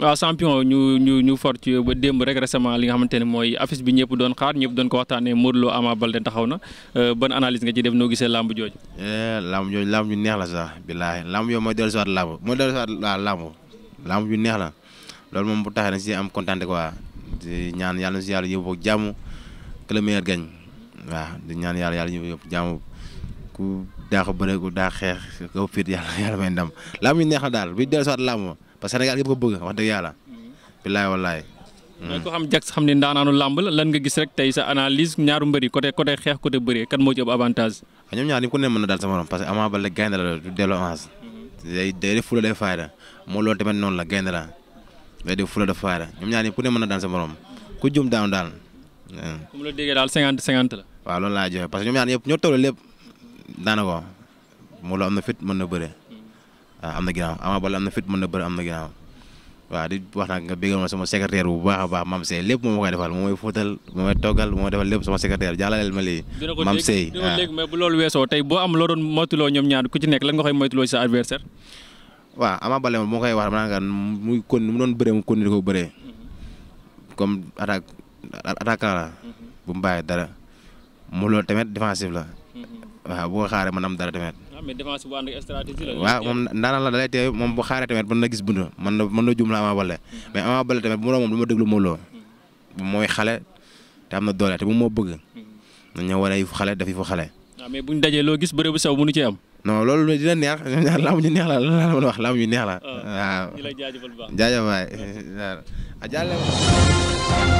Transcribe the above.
waaw champion ñu ñu ñu fort ba démb rek récemment li nga xamante ne mooy affice bi ñëpp doon xaar ñëpp doon ko waxtaanee Modou Lo Ama Baldé taxaw na euh, ban analyse nga ci def noo gisee làmb jooju. Eh, làmb jooju làmb ju neex la sax billaahi làmb yooyu mooy dellusiwaat làmb mooy dellusiwaat waaw làmb làmb ju neex la loolu moom bu taxee dañ si am kontaan quoi di ñaan yàlla si yàlla yóbbu ak jàmm que le meilleur gagne yàlla yàlla yóbbu ak jàmm ku daa ko bëree ku daa xeex ko fit yàlla may ndam làmb ju neex la daal bu dellusiwaat làmb parce que Sénégal yëpp ko bëgg wax dëgg yàlla. Mm-hmm. billaay wallaay. mais mm. ko xam Jax xam ne ndaanaanu làmb la lan nga gis rek tey sa analyse ñaaru mbëri côté côté xeex côté bëree kan moo ci ëpp avantage. Ah, ñoom ñaar ni ku ne mën na daal sama morom parce que Ama Baldé gaynde la mm-hmm. moo loolu tamit noonu la gaynde la day def fula da faayda ñoom ku ne mën na daal sama morom ku jum daanu daal. ku mu la déggee cinquante cinquante la. waaw loolu laa joxe parce que ñoom ñaar ñëpp ñoo toll lépp daanaka moo la am na fit mën na bëre waaw am na ginnaaw Ama Baldé am na fit mën na bëri am na ginnaaw waaw di wax nag nga bégal ma sama secrétaire bu baax a baax Mame Seye lépp moom ma koy defal moom mooy fóotal moom mooy toggal moom mooy defal lépp sama secrétaire jàllaleel ma lii Mame Seye bu loolu weesoo tey boo am loo doon moytuloo ñoom ñaar ku ci nekk lan nga koy moytuloo ci sa adversaire waaw Ama Baldé moom moo koy wax maanaam muy kon mu doon bëree mu kon di ko bëree comme attaque attaquant la mm-hmm. bu mu bàyyi la mm-hmm. waaw boo ko xaaree mën am dara tamit. Ah, waaw moom daanaka la da lay tee moom bu xaaree tamit mën na gis bunt mën na mën na jumla Ama Baldé hmm. mais Ama Baldé tamit bu mu la moom du ma déglu Modou Lô hmm. mooy xale te am na doole te bu moo bëgg. Hmm. nañu war a yu xale daf yu fa xale. waaw ah, mais buñ dajee loo gis bëre bu sew mënu ci am. no loolu dina neex ñoom ñaar laamu ñu neex la lan la a ah, la. waaw ñu lay jaajëfal baax jaajëf